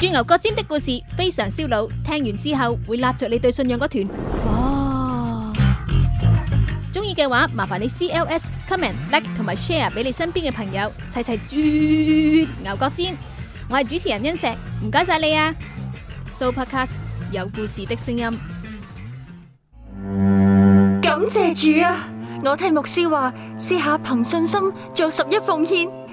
鑽牛角尖的故事非常燒腦，聽完之後會拉著你對信仰嗰團火。中意嘅話，麻煩你 CLS comment like 同埋 share 俾你身邊嘅朋友，齊齊鑽牛角尖。我係主持人欣石，唔該晒你啊！So Podcast 有故事的聲音，感謝主啊！我聽牧師話，試下憑信心做十一奉獻。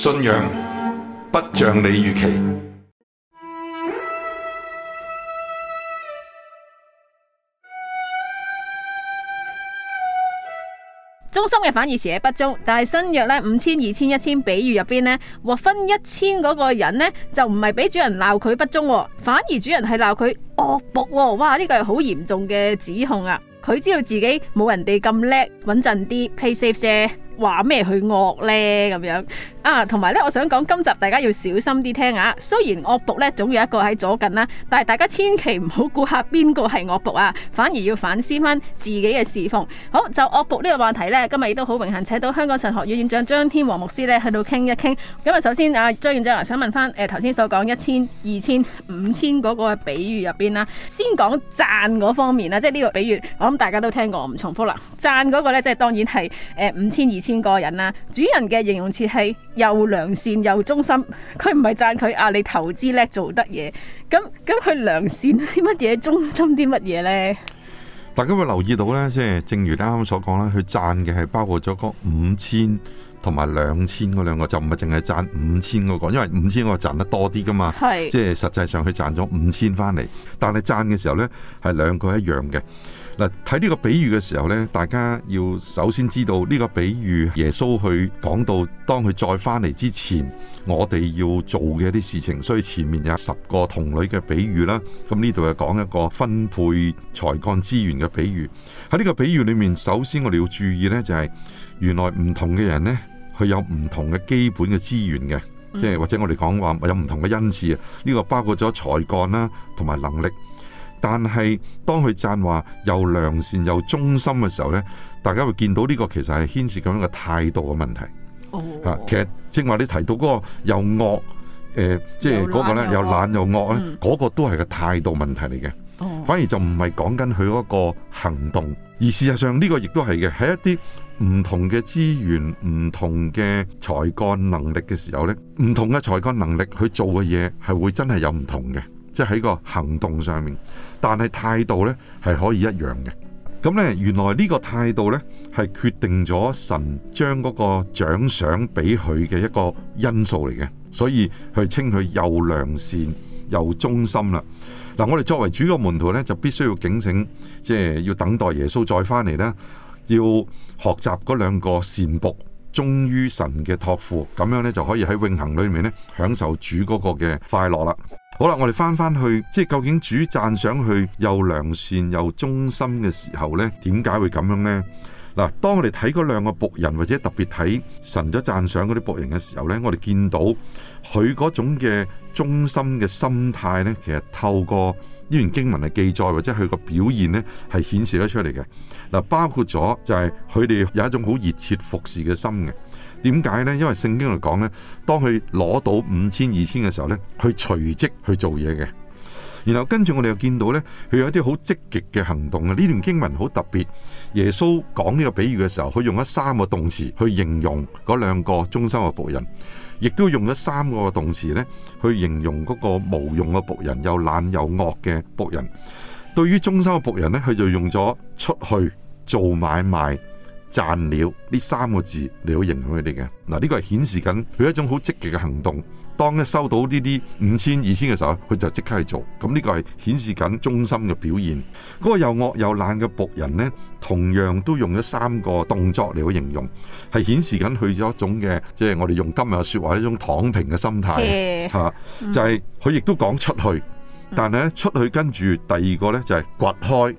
信仰不像你預期。忠心嘅反義詞係不忠，但係新約咧五千二千一千比喻入邊呢獲分一千嗰個人呢就唔係俾主人鬧佢不忠、哦，反而主人係鬧佢惡僕、哦。哇！呢個係好嚴重嘅指控啊！佢知道自己冇人哋咁叻，穩陣啲，play safe 啫。話咩去惡呢？咁樣啊？同埋呢，我想講今集大家要小心啲聽啊。雖然惡僕呢，總有一個喺左近啦，但係大家千祈唔好估下邊個係惡僕啊，反而要反思翻自己嘅侍奉。好，就惡僕呢個話題呢，今日亦都好榮幸請到香港神學院院長張天王牧師呢去到傾一傾。咁啊，首先啊，張院長啊，想問翻誒頭先所講一千、二千、五千嗰個，個比喻入邊啦，先講讚嗰方面啦，即係呢個比喻我諗大家都聽過，唔重複啦。讚嗰個咧，即係當然係誒五千、二千。千個人啦、啊，主人嘅形容詞係又良善又忠心，佢唔係讚佢啊，你投資叻做得嘢。咁咁佢良善啲乜嘢，忠心啲乜嘢呢？大家會留意到呢，即、就、係、是，正如你啱啱所講咧，佢讚嘅係包括咗嗰五千同埋兩千嗰兩個，就唔係淨係讚五千嗰個，因為五千我賺得多啲噶嘛，即係實際上佢賺咗五千翻嚟，但係讚嘅時候呢，係兩個一樣嘅。嗱，睇呢個比喻嘅時候呢，大家要首先知道呢個比喻耶穌去講到，當佢再翻嚟之前，我哋要做嘅一啲事情。所以前面有十個童女嘅比喻啦，咁呢度又講一個分配才幹資源嘅比喻。喺呢個比喻裏面，首先我哋要注意呢、就是，就係原來唔同嘅人呢，佢有唔同嘅基本嘅資源嘅，即係或者我哋講話有唔同嘅恩賜啊。呢、這個包括咗才幹啦，同埋能力。但係，當佢讚話又良善又忠心嘅時候呢，大家會見到呢個其實係牽涉咁樣嘅態度嘅問題。哦，嚇，其實正話你提到嗰個又惡，誒、呃，即係嗰個咧又懶又惡咧，嗰、嗯，嗰個都係個態度問題嚟嘅。Oh. 反而就唔係講緊佢嗰個行動，而事實上呢個亦都係嘅，喺一啲唔同嘅資源、唔同嘅才幹能力嘅時候呢，唔同嘅才幹能力去做嘅嘢係會真係有唔同嘅，即係喺個行動上面。但係態度呢係可以一樣嘅，咁呢，原來呢個態度呢係決定咗神將嗰個獎賞俾佢嘅一個因素嚟嘅，所以去稱佢又良善又忠心啦。嗱、啊，我哋作為主嘅門徒呢，就必須要警醒，即、就、係、是、要等待耶穌再翻嚟啦，要學習嗰兩個善僕忠於神嘅託付，咁樣呢，就可以喺永恆裏面呢享受主嗰個嘅快樂啦。好啦，我哋返返去，即係究竟主讚賞佢又良善又忠心嘅時候呢？點解會咁樣呢？嗱，當我哋睇嗰兩個僕人或者特別睇神咗讚賞嗰啲僕人嘅時候呢，我哋見到佢嗰種嘅忠心嘅心態呢，其實透過。呢段經文嘅記載，或者佢個表現呢係顯示咗出嚟嘅。嗱，包括咗就係佢哋有一種好熱切服侍嘅心嘅。點解呢？因為聖經嚟講呢，當佢攞到五千二千嘅時候呢，佢隨即去做嘢嘅。然後跟住我哋又見到呢，佢有一啲好積極嘅行動嘅。呢段經文好特別，耶穌講呢個比喻嘅時候，佢用咗三個動詞去形容嗰兩個忠心嘅僕人。亦都用咗三個動詞咧，去形容嗰個無用嘅僕人，又懶又惡嘅僕人。對於忠心嘅僕人呢，佢就用咗出去做買賣賺了呢三個字嚟去形容佢哋嘅。嗱，呢個係顯示緊佢一種好積極嘅行動。當咧收到呢啲五千、二千嘅時候，佢就即刻去做。咁呢個係顯示緊忠心嘅表現。嗰、那個又惡又懶嘅僕人呢，同樣都用咗三個動作嚟去形容，係顯示緊佢咗一種嘅，即、就、係、是、我哋用今日嘅説話一種躺平嘅心態嚇、啊嗯。就係佢亦都講出去，但係咧出去跟住第二個呢，就係、是、掘開，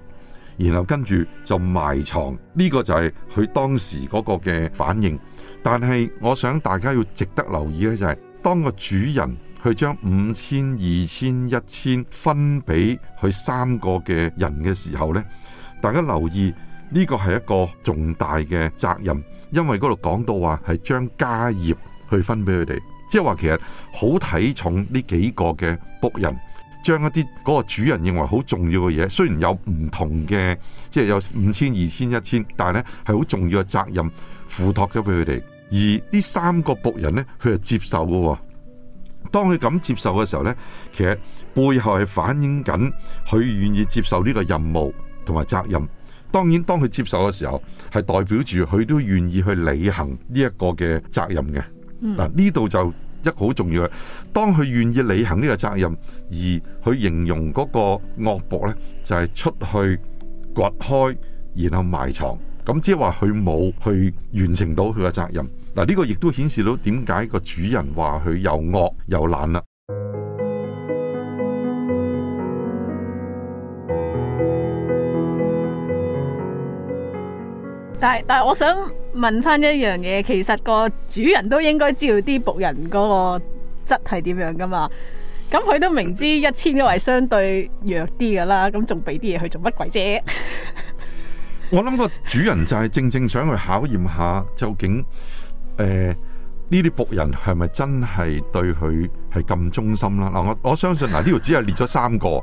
然後跟住就埋藏。呢、這個就係佢當時嗰個嘅反應。但係我想大家要值得留意咧就係、是。當個主人去將五千、二千、一千分俾佢三個嘅人嘅時候呢，大家留意呢個係一個重大嘅責任，因為嗰度講到話係將家業去分俾佢哋，即係話其實好睇重呢幾個嘅僕人，將一啲嗰個主人認為好重要嘅嘢，雖然有唔同嘅，即係有五千、二千、一千，但係呢係好重要嘅責任，付託咗俾佢哋。而呢三個僕人呢，佢係接受嘅，哦。當佢咁接受嘅時候呢，其實背後係反映緊佢願意接受呢個任務同埋責任。當然，當佢接受嘅時候，係代表住佢都願意去履行呢一個嘅責任嘅。嗱、嗯、呢、啊、度就一個好重要嘅。當佢願意履行呢個責任，而去形容嗰個惡僕呢，就係、是、出去掘開然後埋藏，咁即係話佢冇去完成到佢嘅責任。嗱，呢個亦都顯示到點解個主人話佢又惡又懶啦。但係我想問翻一樣嘢，其實個主人都應該知道啲僕人嗰個質係點樣噶嘛？咁佢都明知一千嗰位相對弱啲噶啦，咁仲俾啲嘢佢做乜鬼啫？ 我諗個主人就係正正想去考驗下究竟。誒、呃，呢啲僕人係咪真係對佢係咁忠心啦？嗱、呃，我我相信嗱，呢、啊、度只係列咗三個，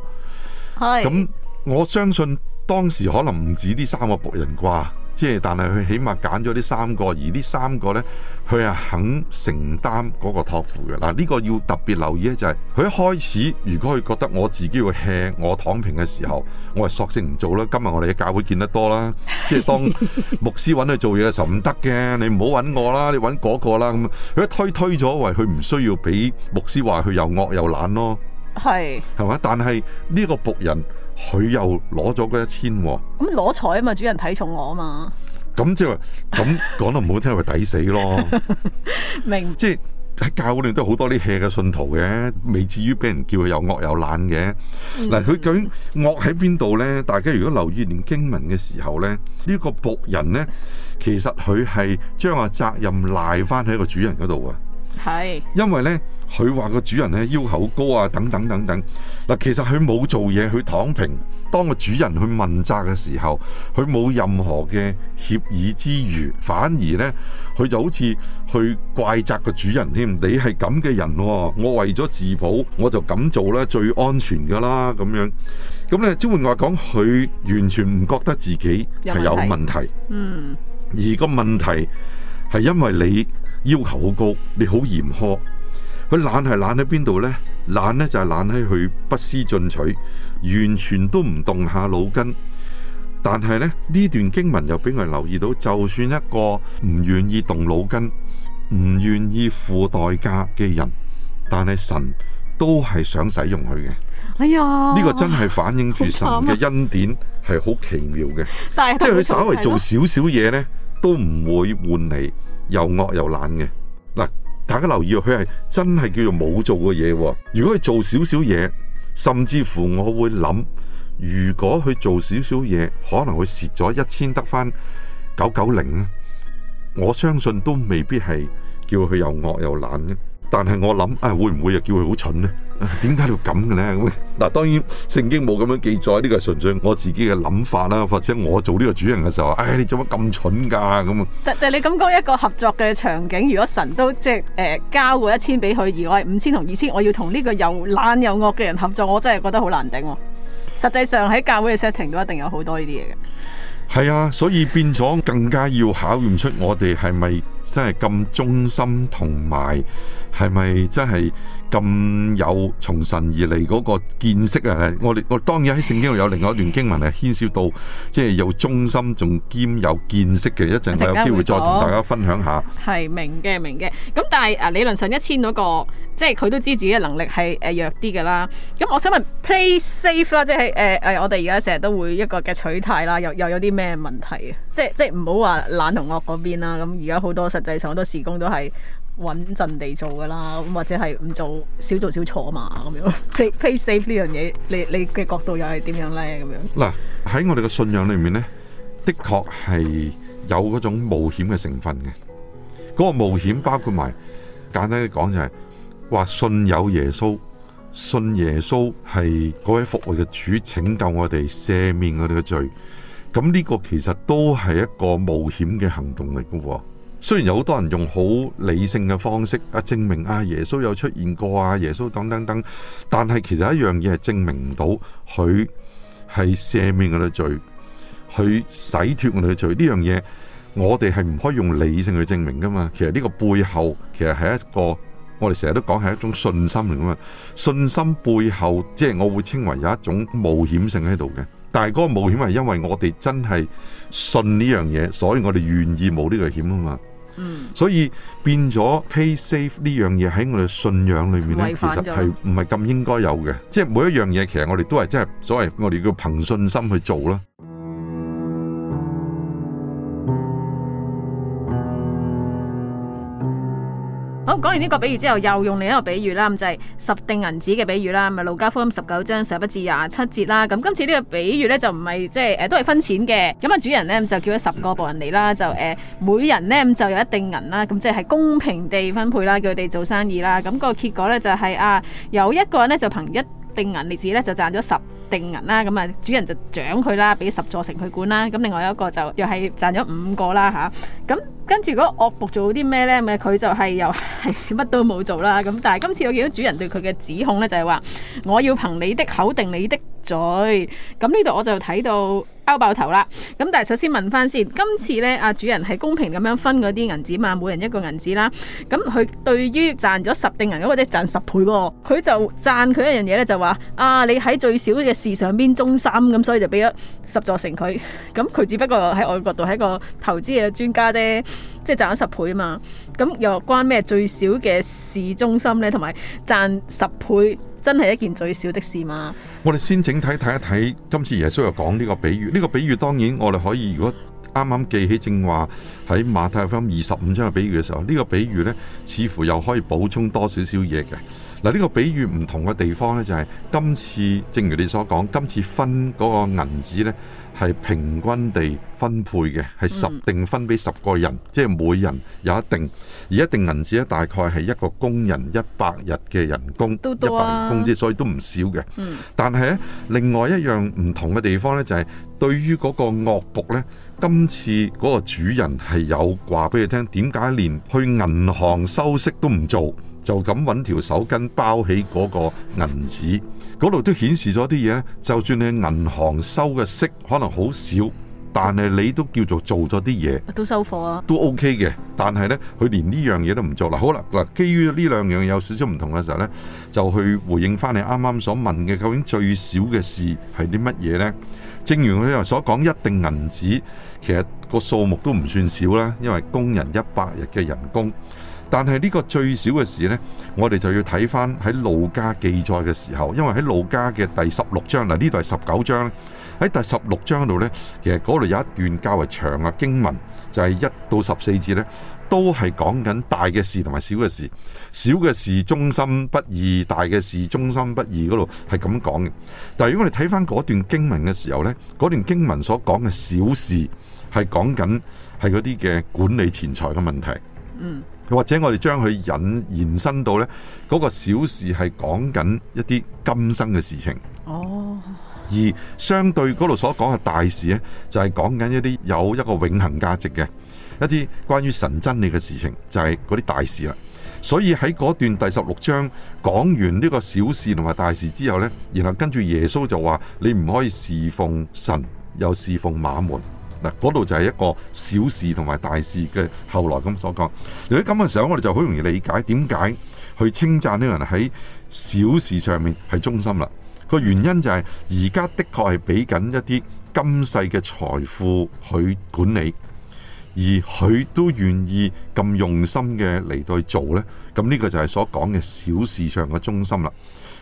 咁 我相信當時可能唔止呢三個僕人啩。即係，但係佢起碼揀咗呢三個，而呢三個呢，佢係肯承擔嗰個託付嘅嗱。呢、呢個要特別留意呢就係、係、佢一開始，如果佢覺得我自己要吃，我躺平嘅時候，我係索性唔做啦。今日我哋嘅教會見得多啦， 即係當牧師揾佢做嘢嘅時候唔得嘅，你唔好揾我啦，你揾嗰個啦咁。佢一推推咗，話佢唔需要俾牧師話佢又惡又懶咯，係係咪？但係呢個僕人。佢又攞咗嗰一千、啊、咁、嗯、攞彩啊嘛！主人睇重我啊嘛！咁即係咁講得唔好聽，咪抵死咯。 明即係喺教會裏邊都好多啲 hea 嘅信徒嘅，未至於俾人叫佢又惡又懶嘅嗱。佢、嗯、究竟惡喺邊度咧？大家如果留意念經文嘅時候咧，這個、人呢個僕人咧，其實佢係將個責任賴翻喺個主人嗰度啊。係，因為呢，佢話個主人呢，要求高啊，等等等等。嗱，其實佢冇做嘢，去躺平。當個主人去問責嘅時候，佢冇任何嘅協議之餘，反而呢，佢就好似去怪責個主人添。你係咁嘅人，哦，我為咗自保，我就咁做啦，最安全噶啦咁樣。咁呢，即係換句話講，佢完全唔覺得自己係有，有問題。嗯。而個問題係因為你。要求好高，你好嚴苛。佢懶係懶喺邊度咧？懶咧就係懶喺佢不思進取，完全都唔動下腦筋。但係咧，呢段經文又俾我留意到，就算一個唔願意動腦筋，唔願意付代價嘅人，但係神都係想使用佢嘅。哎呀，呢個真係反映住神嘅恩典係好奇妙嘅，即係佢稍微做少少嘢咧，都唔會換你。又惡又懶嘅。大家留意哦，佢係真係叫做冇做過嘢喎。如果佢做少少嘢，甚至乎我會諗，如果佢做少少嘢，可能會蝕咗一千得返九九零。我相信都未必係叫佢又惡又懶嘅，但係我諗啊，會唔會又叫佢好蠢呢？點解要咁嘅咧？嗱，當然聖經冇咁樣記載，呢個係純粹我自己嘅諗法啦。或者我做呢個主人嘅時候，唉、哎，你做乜咁蠢噶咁？但但你咁講一個合作嘅場景，如果神都即係誒交過一千俾佢，而我係五千同二千，我要同呢個又懶又惡嘅人合作，我真係覺得好難頂、啊。實際上喺教會嘅 setting 都一定有好多呢啲嘢嘅。係啊，所以變咗更加要考驗出我哋係咪？真係咁忠心，同埋係咪真係咁有從神而嚟嗰個見識啊？我哋我當然喺聖經度有另外一段經文係牽涉到，即係有忠心，仲兼有見識嘅。一陣就有機會再同大家分享下。係明嘅，明嘅。咁但係啊，理論上一千嗰個，即係佢都知自己嘅能力係誒弱啲㗎啦。咁我想問，play safe 啦，即係誒誒，我哋而家成日都會一個嘅取態啦，又又有啲咩問題啊？即係即係唔好話懶同惡嗰邊啦。咁而家好多。實際上好多時工都係穩陣地做噶啦，咁或者係唔做，做少做少錯嘛，咁樣。你 play safe 呢樣嘢，你你嘅角度又係點樣咧？咁樣嗱，喺我哋嘅信仰裏面咧，的確係有嗰種冒險嘅成分嘅。嗰、嗰個冒險包括埋簡單啲講就係、係、話信有耶穌，信耶穌係嗰位復活嘅主，拯救我哋，赦免我哋嘅罪。咁呢個其實都係一個冒險嘅行動嚟嘅。雖然有好多人用好理性嘅方式啊，證明啊耶穌有出現過啊，耶穌等等等，但係其實一樣嘢，係證明唔到佢係赦免我哋嘅罪，佢洗脱我哋嘅罪呢樣嘢，我哋係唔可以用理性去證明噶嘛。其實呢個背後其實係一個我哋成日都講係一種信心嚟噶嘛。信心背後即係我會稱為有一種冒險性喺度嘅，但係嗰個冒險係因為我哋真係信呢樣嘢，所以我哋願意冒呢個險啊嘛。所以變咗 pay safe 呢樣嘢喺我哋信仰裏面咧，其實係唔係咁應該有嘅，即係每一樣嘢其實我哋都係即係所謂我哋叫憑信心去做啦。講完呢個比喻之後，又用另一個比喻啦，咁就係、是、十錠銀子嘅比喻啦，咪《路家福音》十九章十一至廿七節啦。咁今次呢個比喻咧就唔係即係誒，都係分錢嘅。咁啊主人咧就叫咗十個部人嚟啦，就誒，每人咧咁就有一定銀啦，咁即係公平地分配啦，叫佢哋做生意啦。咁、那個結果咧就係、是、啊，有一個咧就憑一定銀利子咧就賺咗十。定銀啦，咁啊主人就獎佢啦，俾十座城佢管啦，咁另外有一個就又係賺咗五個啦吓，咁、啊、跟住嗰惡僕做啲咩呢？咪佢就係又係乜都冇做啦，咁但係今次我見到主人對佢嘅指控呢，就係話我要憑你的口定你的罪。咁呢度我就睇到拗爆頭啦，咁但係首先問翻先，今次呢，啊主人係公平咁樣分嗰啲銀紙嘛，每人一個銀紙啦，咁、啊、佢對於賺咗十定銀或者賺十倍喎、啊，佢就贊佢一樣嘢呢，就話啊你喺最少嘅。市上邊中心咁，所以就俾咗十座城區。咁佢只不過喺外國度係個投資嘅專家啫，即係賺咗十倍啊嘛。咁又關咩最少嘅市中心呢？同埋賺十倍真係一件最少的事嘛？我哋先整體睇一睇今次耶穌又講呢個比喻。呢、這個比喻當然我哋可以，如果啱啱記起正話喺馬太福音二十五章嘅比喻嘅時候，呢、這個比喻呢，似乎又可以補充多少少嘢嘅。嗱，呢個比喻唔同嘅地方咧，就係今次正如你所講，今次分嗰個銀紙咧係平均地分配嘅，係十定分俾十個人，即係每人有一定，而一定銀紙咧大概係一個工人一百日嘅人工，一百日工資，所以都唔少嘅。嗯，但係咧，另外一樣唔同嘅地方咧，就係對於嗰個惡僕咧，今次嗰個主人係有話俾佢聽，點解連去銀行收息都唔做？就咁揾條手巾包起嗰個銀紙，嗰度都顯示咗啲嘢。就算你銀行收嘅息可能好少，但係你都叫做做咗啲嘢。都收貨啊？都 OK 嘅，但係呢，佢連呢樣嘢都唔做。嗱，好啦，嗱，基於呢兩樣有少少唔同嘅時候呢，就去回應翻你啱啱所問嘅，究竟最少嘅事係啲乜嘢呢？正如我哋所講，一定銀紙，其實個數目都唔算少啦，因為工人一百日嘅人工。但係呢個最少嘅事呢，我哋就要睇翻喺《路家》記載嘅時候，因為喺《路家》嘅第十六章嗱呢度係十九章喺第十六章度呢，其實嗰度有一段較為長嘅經文，就係一到十四節呢，都係講緊大嘅事同埋小嘅事，小嘅事忠心不贰，大嘅事忠心不贰嗰度係咁講嘅。但係如果我哋睇翻嗰段經文嘅時候呢，嗰段經文所講嘅小事係講緊係嗰啲嘅管理錢財嘅問題。嗯，或者我哋將佢引延伸到呢嗰個小事係講緊一啲今生嘅事情，哦，而相對嗰度所講嘅大事呢，就係講緊一啲有一個永恆價值嘅一啲關於神真理嘅事情，就係嗰啲大事啦。所以喺嗰段第十六章講完呢個小事同埋大事之後呢，然後跟住耶穌就話：你唔可以侍奉神又侍奉馬門。嗱，嗰度就係一個小事同埋大事嘅後來咁所講。如果咁嘅時候，我哋就好容易理解點解去稱讚呢個人喺小事上面係忠心啦。個原因就係而家的確係俾緊一啲今世嘅財富去管理，而佢都願意咁用心嘅嚟到去做咧。咁呢個就係所講嘅小事上嘅忠心啦。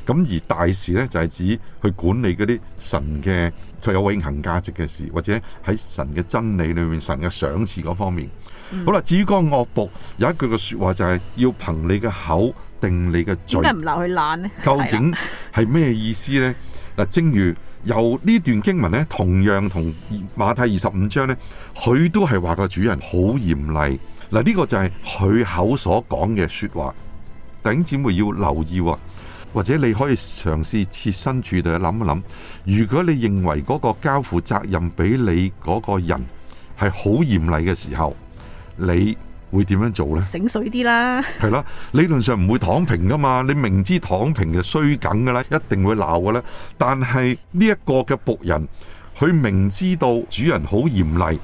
咁而大事咧就係指去管理嗰啲神嘅。佢有永恆價值嘅事，或者喺神嘅真理裏面，神嘅賞賜嗰方面。嗯、好啦，至於個惡僕有一句嘅說話就係、是、要憑你嘅口定你嘅罪。究竟係咩意思呢？嗱，正如由呢段經文咧，同樣同馬太二十五章咧，佢都係話個主人好嚴厲。嗱，呢個就係佢口所講嘅說話，等姐妹要留意喎、哦。或者你可以嘗試設身處地諗一諗，如果你認為嗰個交付責任俾你嗰個人係好嚴厲嘅時候，你會點樣做呢？醒水啲啦，係啦，理論上唔會躺平噶嘛。你明知躺平嘅衰梗噶啦，一定會鬧噶啦。但係呢一個嘅僕人，佢明知道主人好嚴厲，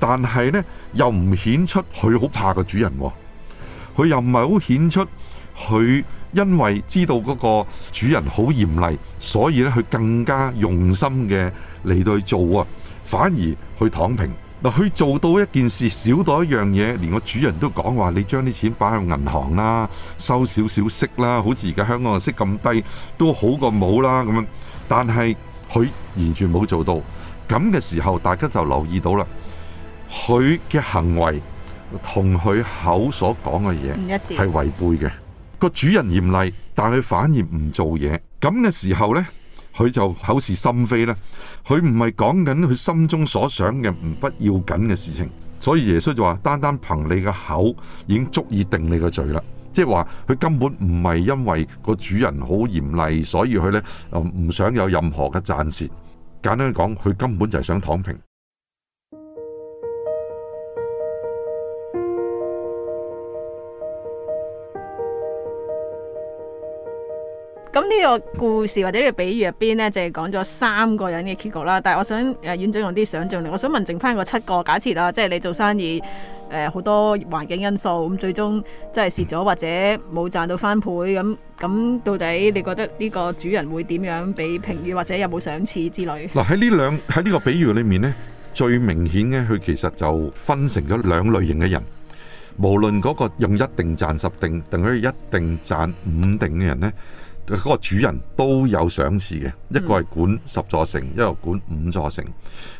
但係呢又唔顯出佢好怕個主人，佢又唔係好顯出佢。因為知道嗰個主人好嚴厲，所以咧佢更加用心嘅嚟到去做啊，反而去躺平嗱，佢做到一件事少到一樣嘢，連個主人都講話：你將啲錢擺入銀行啦，收少少息啦，好似而家香港嘅息咁低，都好過冇啦咁樣。但係佢完全冇做到，咁嘅時候，大家就留意到啦，佢嘅行為同佢口所講嘅嘢係違背嘅。個主人嚴厲，但佢反而唔做嘢，咁嘅時候呢，佢就口是心非啦。佢唔係講緊佢心中所想嘅唔不，不要緊嘅事情，所以耶穌就話：單單憑你嘅口，已經足以定你個罪啦。即係話佢根本唔係因為個主人好嚴厲，所以佢呢唔想有任何嘅讚善。簡單講，佢根本就係想躺平。咁呢個故事或者呢個比喻入邊呢，就係、是、講咗三個人嘅結局啦。但係我想誒，遠咗用啲想像力，我想問，剩翻個七個，假設啊，即係你做生意誒，好、呃、多環境因素咁，最終即係蝕咗或者冇賺到翻倍咁咁，到底你覺得呢個主人會點樣俾評語，或者有冇賞賜之類？嗱，喺呢兩喺呢個比喻裏面呢，最明顯呢，佢其實就分成咗兩類型嘅人，無論嗰個用一定賺十定，定係一定賺五定嘅人呢。嗰、那個主人都有賞賜嘅，一個係管十座城，一個管五座城，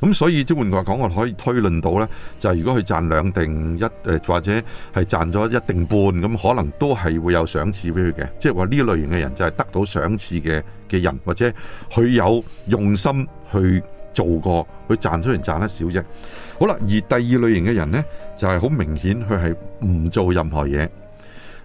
咁所以即係換句話講，我可以推論到呢，就係如果佢賺兩定一或者係賺咗一定半咁，可能都係會有賞賜俾佢嘅。即係話呢類型嘅人就係得到賞賜嘅嘅人，或者佢有用心去做過，佢賺雖然賺得少啫。好啦，而第二類型嘅人呢，就係好明顯佢係唔做任何嘢，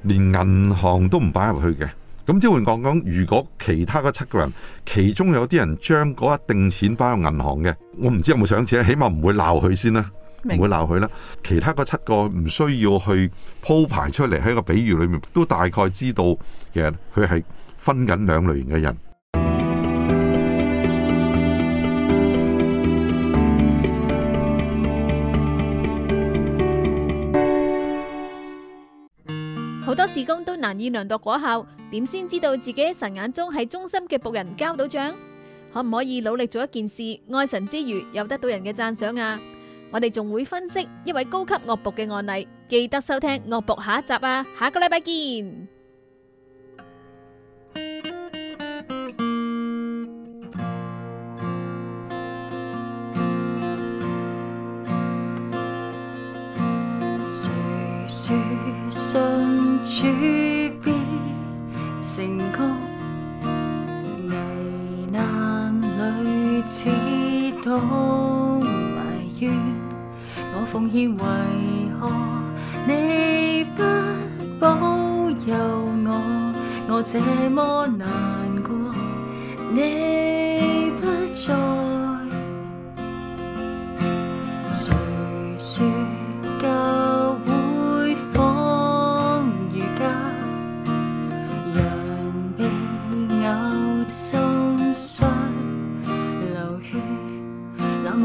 連銀行都唔擺入去嘅。咁即係換講講，如果其他嗰七個人，其中有啲人將嗰一定錢擺入銀行嘅，我唔知有冇上錢，起碼唔會鬧佢先啦，唔會鬧佢啦。其他嗰七個唔需要去鋪排出嚟喺個比喻裏面，都大概知道嘅，佢係分緊兩類型嘅人。都難以量度果效，點先知道自己喺神眼中係忠心嘅僕人交到賬？可唔可以努力做一件事，愛神之餘又得到人嘅贊賞啊？我哋仲會分析一位高級惡僕嘅案例，記得收聽惡僕下一集啊！下個禮拜見。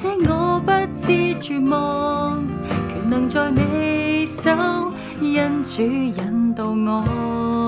且我不知絕望，全能在你手，因主引導我。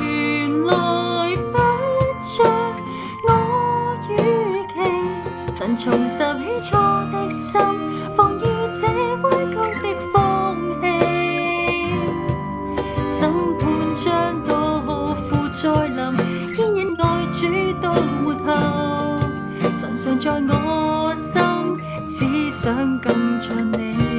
我心只想更像你。